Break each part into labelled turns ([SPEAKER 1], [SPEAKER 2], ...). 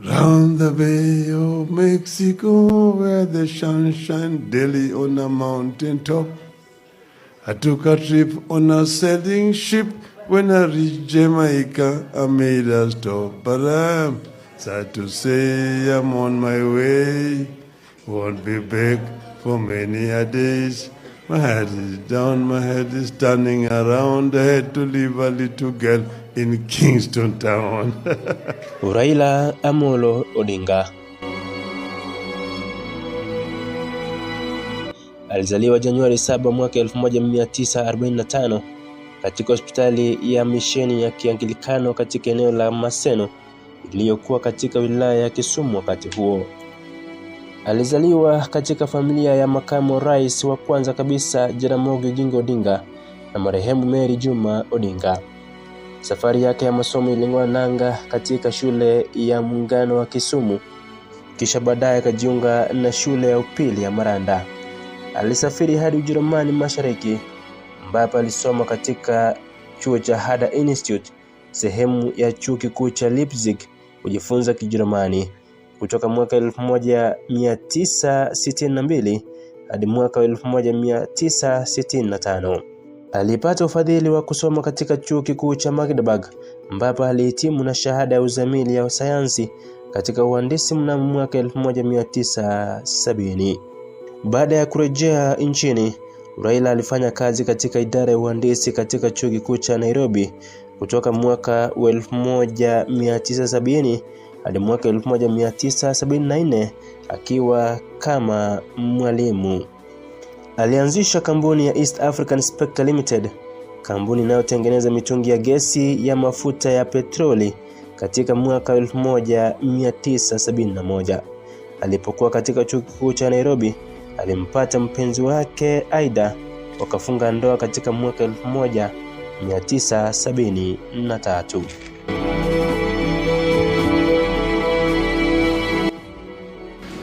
[SPEAKER 1] Round the Bay of Mexico, where the sun shines daily on a mountain top. I took a trip on a sailing ship. When I reached Jamaica, I made a stop. But I'm sad to say I'm on my way. Won't be back for many a days. My head is down, my head is turning around. I had to leave a little girl in Kingston Town.
[SPEAKER 2] Uraila Amolo Odinga alizaliwa Januari 7 mwaka 1945 katika hospitali ya misheni ya Kiangilikano katika eneo la Maseno iliyokuwa katika wilaya ya Kisumu wakati huo. Alizaliwa katika familia ya makamu rais wa kwanza kabisa Jaramogi Oginga Odinga na marehemu Mary Juma Odinga. Safari yake ya masomo iling'oa nanga katika shule ya muungano wa Kisumu, kisha baadaye akajiunga na shule ya upili ya Maranda. Alisafiri hadi Ujerumani Mashariki ambapo alisoma katika chuo cha Hada Institute, sehemu ya chuo kikuu cha Leipzig, kujifunza Kijerumani kutoka mwaka 1962 hadi mwaka 1965. Alipata ufadhili wa kusoma katika chuo kikuu cha Magdeburg ambapo alihitimu na shahada ya uzamili ya sayansi katika uhandisi mnamo mwaka 1970. Baada ya kurejea nchini, Raila alifanya kazi katika idara ya uhandisi katika chuo kikuu cha Nairobi kutoka mwaka 1970 hadi mwaka 1974 akiwa kama mwalimu. Alianzisha kampuni ya East African Spectre Limited, kampuni inayotengeneza mitungi ya gesi ya mafuta ya petroli katika mwaka 1971. Alipokuwa katika chuo kikuu cha Nairobi, alimpata mpenzi wake Aida, wakafunga ndoa katika mwaka 1973.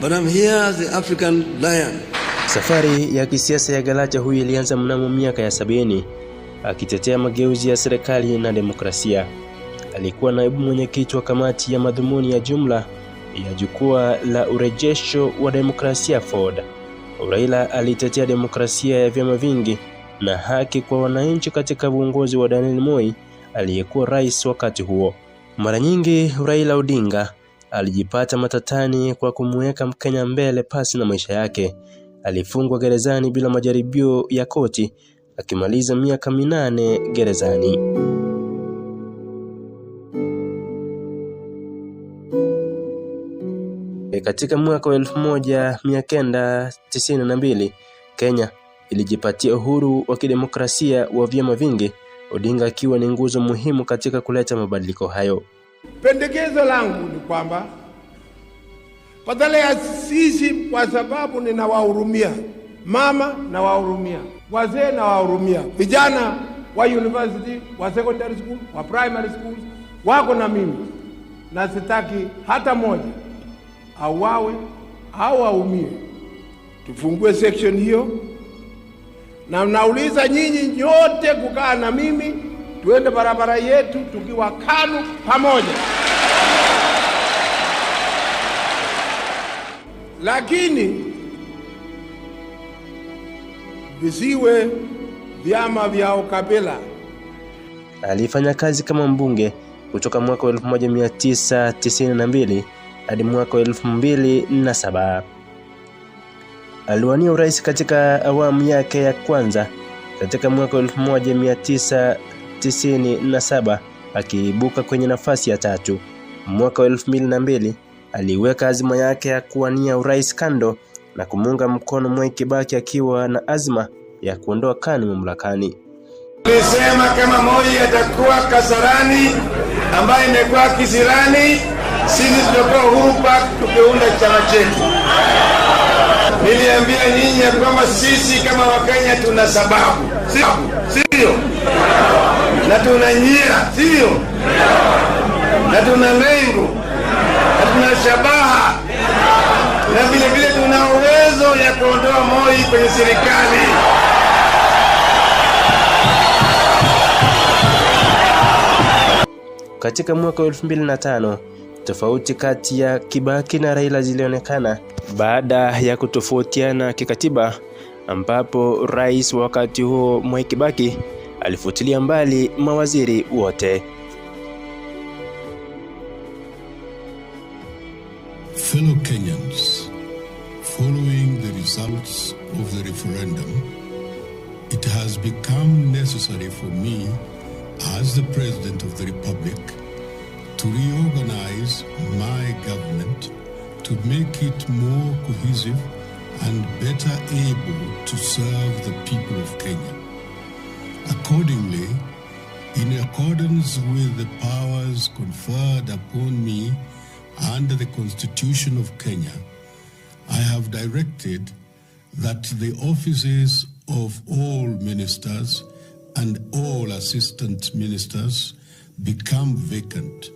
[SPEAKER 3] But I'm here as the African lion.
[SPEAKER 2] Safari ya kisiasa ya Galacha huyu ilianza mnamo miaka ya sabini akitetea mageuzi ya serikali na demokrasia. Alikuwa naibu mwenyekiti wa kamati ya madhumuni ya jumla ya jukwaa la urejesho wa demokrasia FORD. Raila alitetea demokrasia ya vyama vingi na haki kwa wananchi katika uongozi wa Daniel Moi aliyekuwa rais wakati huo. Mara nyingi Raila Odinga alijipata matatani kwa kumweka Mkenya mbele pasi na maisha yake. Alifungwa gerezani bila majaribio ya koti akimaliza miaka minane gerezani. E, katika mwaka wa mbili Kenya ilijipatia uhuru wa kidemokrasia wa vyama vingi, Odinga akiwa ni nguzo muhimu katika kuleta mabadiliko hayo.
[SPEAKER 4] Pendekezo langu ni kwamba badala ya sisi, kwa sababu ninawahurumia mama, nawahurumia wazee, nawahurumia vijana wa university, wa secondary school, wa primary school, wako na mimi, na sitaki hata moja auawe au aumie. Tufungue section hiyo, na nauliza nyinyi nyote kukaa na mimi tuende barabara yetu tukiwa KANU pamoja. Lakini visiwe vyama vya ukabila.
[SPEAKER 2] Alifanya kazi kama mbunge kutoka mwaka wa 1992 hadi mwaka wa 2007. Aliwania urais katika awamu yake ya kwanza katika mwaka 1997 akiibuka kwenye nafasi ya tatu. Mwaka wa 2002 aliweka azma yake ya kuwania urais kando na kumuunga mkono Mwai Kibaki akiwa na azma ya kuondoa KANU mamlakani.
[SPEAKER 5] Tulisema kama Moi atakuwa Kasarani ambaye imekuwa Kisirani, sisi tutakuwa huru tukiunda chama chetu. Niliambia nyinyi ya kwamba sisi kama Wakenya tuna sababu, sio na tuna nyia, sio na tuna lengo na tuna shabaha na vile vile tuna uwezo ya kuondoa Moi kwenye serikali.
[SPEAKER 2] Katika mwaka wa 2005 Tofauti kati ya Kibaki na Raila zilionekana baada ya kutofautiana kikatiba, ambapo rais wa wakati huo Mwai Kibaki alifutilia mbali mawaziri wote.
[SPEAKER 6] Fellow Kenyans, following the results of the referendum, it has become necessary for me as the President of the Republic to reorganize my government to make it more cohesive and better able to serve the people of Kenya. Accordingly, in accordance with the powers conferred upon me under the Constitution of Kenya, I have directed that the offices of all ministers and all assistant ministers become vacant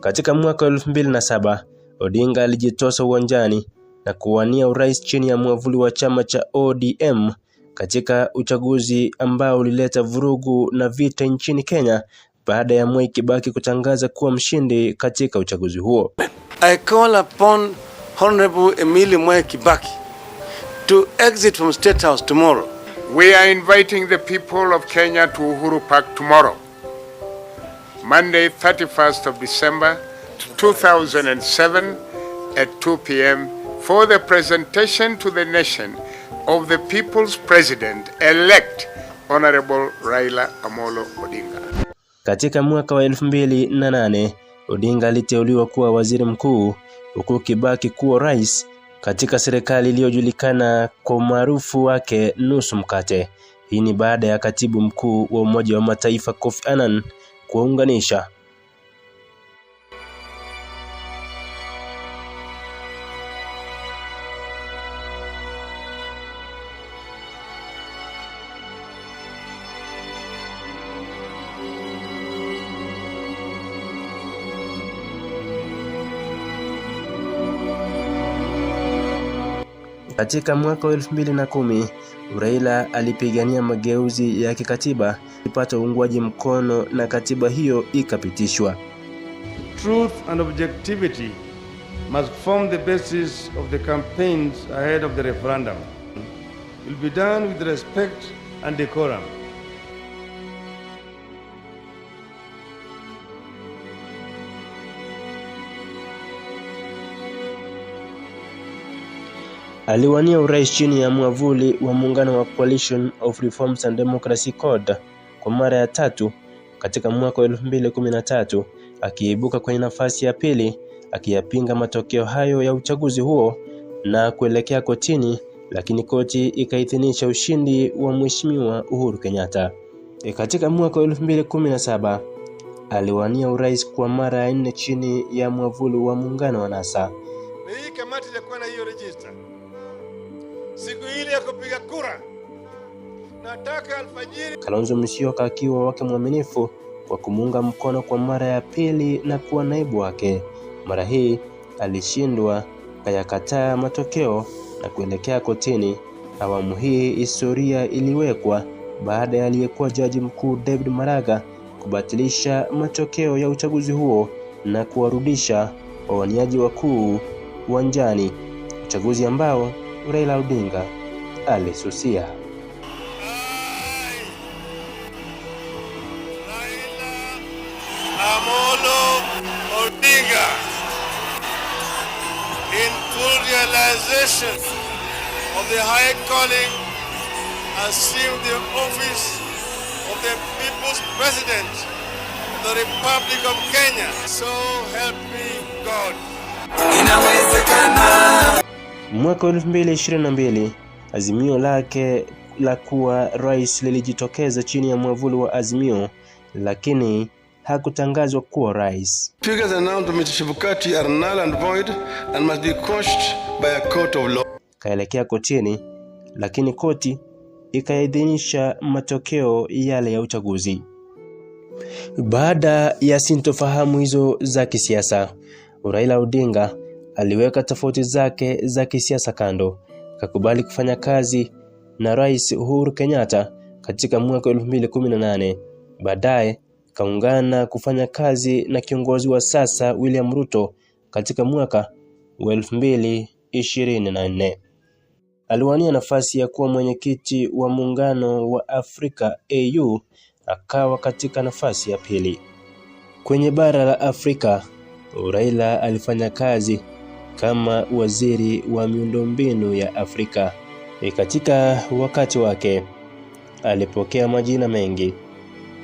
[SPEAKER 2] Katika mwaka wa 2007 Odinga alijitosa uwanjani na kuwania urais chini ya mwavuli wa chama cha ODM katika uchaguzi ambao ulileta vurugu na vita nchini Kenya baada ya Mwai Kibaki kutangaza kuwa mshindi katika uchaguzi huo.
[SPEAKER 7] I call upon Honorable Emily Mwai Kibaki to exit from State House tomorrow.
[SPEAKER 8] We are inviting the people of Kenya to Uhuru Park tomorrow. Monday 31st of December 2007 at 2 p.m. for the presentation to the nation of the people's president elect Honorable Raila Amolo Odinga.
[SPEAKER 2] Katika mwaka wa elfu mbili na nane Odinga aliteuliwa kuwa waziri mkuu huku Kibaki kuwa rais katika serikali iliyojulikana kwa umaarufu wake nusu mkate. Hii ni baada ya katibu mkuu wa Umoja wa Mataifa Kofi Annan kuwaunganisha Katika mwaka wa elfu mbili na kumi Raila alipigania mageuzi ya kikatiba ipata uungwaji mkono na katiba hiyo ikapitishwa.
[SPEAKER 9] Truth and objectivity must form the basis of the campaigns ahead of the referendum. It will be done with respect and decorum.
[SPEAKER 2] aliwania urais chini ya mwavuli wa muungano wa Coalition of Reforms and Democracy CORD kwa mara ya tatu katika mwaka wa 2013 akiibuka kwenye nafasi ya pili akiyapinga matokeo hayo ya uchaguzi huo na kuelekea kotini, lakini koti ikaidhinisha ushindi wa Mheshimiwa Uhuru Kenyatta. E, katika mwaka wa 2017 aliwania urais kwa mara ya nne chini ya mwavuli wa muungano wa NASA.
[SPEAKER 10] hii kamati ilikuwa na hiyo register ajili ya kupiga kura. Nataka alfajiri.
[SPEAKER 2] Kalonzo Musyoka akiwa wake mwaminifu kwa kumuunga mkono kwa mara ya pili na kuwa naibu wake. Mara hii alishindwa, kayakataa matokeo na kuelekea kotini. Awamu hii historia iliwekwa baada ya aliyekuwa jaji mkuu David Maraga kubatilisha matokeo ya uchaguzi huo na kuwarudisha wawaniaji wakuu uwanjani, uchaguzi ambao Raila Odinga alisusia.
[SPEAKER 3] of the high calling assumed the office of the people's president of the Republic of Kenya. So help me God.
[SPEAKER 2] Inawezekana. Mwaka Azimio lake la kuwa rais lilijitokeza chini ya mwavuli wa Azimio, lakini hakutangazwa kuwa rais.
[SPEAKER 3] Figures announced Mr. Chebukati are null and void and must be quashed by a court of law.
[SPEAKER 2] Kaelekea kotini, lakini koti ikaidhinisha matokeo yale ya uchaguzi. Baada ya sintofahamu hizo za kisiasa, Raila Odinga aliweka tofauti zake za kisiasa kando kakubali kufanya kazi na Rais Uhuru Kenyatta katika mwaka 2018. Baadaye kaungana kufanya kazi na kiongozi wa sasa William Ruto katika mwaka wa 2024. Aliwania nafasi ya kuwa mwenyekiti wa Muungano wa Afrika AU, akawa katika nafasi ya pili. Kwenye bara la Afrika, Raila alifanya kazi kama waziri wa miundombinu ya Afrika. E, katika wakati wake alipokea majina mengi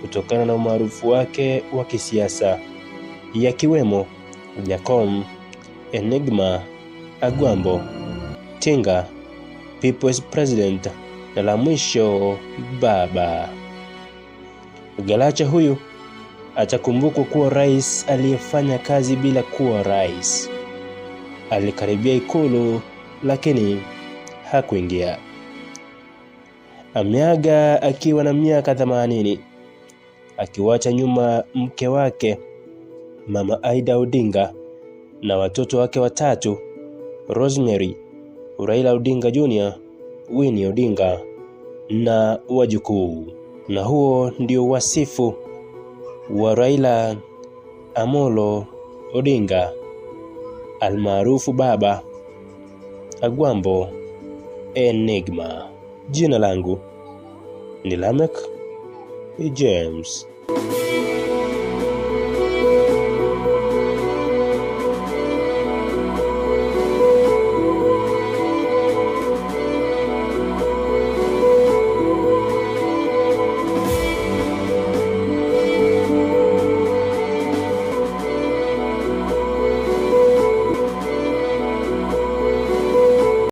[SPEAKER 2] kutokana na umaarufu wake wa kisiasa yakiwemo Jacom, Enigma, Agwambo, Tinga, People's President na la mwisho Baba. Galacha huyu atakumbukwa kuwa rais aliyefanya kazi bila kuwa rais. Alikaribia ikulu lakini hakuingia. Ameaga akiwa na miaka themanini akiwacha nyuma mke wake Mama Aida Odinga na watoto wake watatu Rosemary, Raila Odinga Jr, Winnie Odinga na wajukuu. Na huo ndio wasifu wa Raila Amolo Odinga almaarufu Baba Agwambo Enigma. Jina langu ni Lamek James.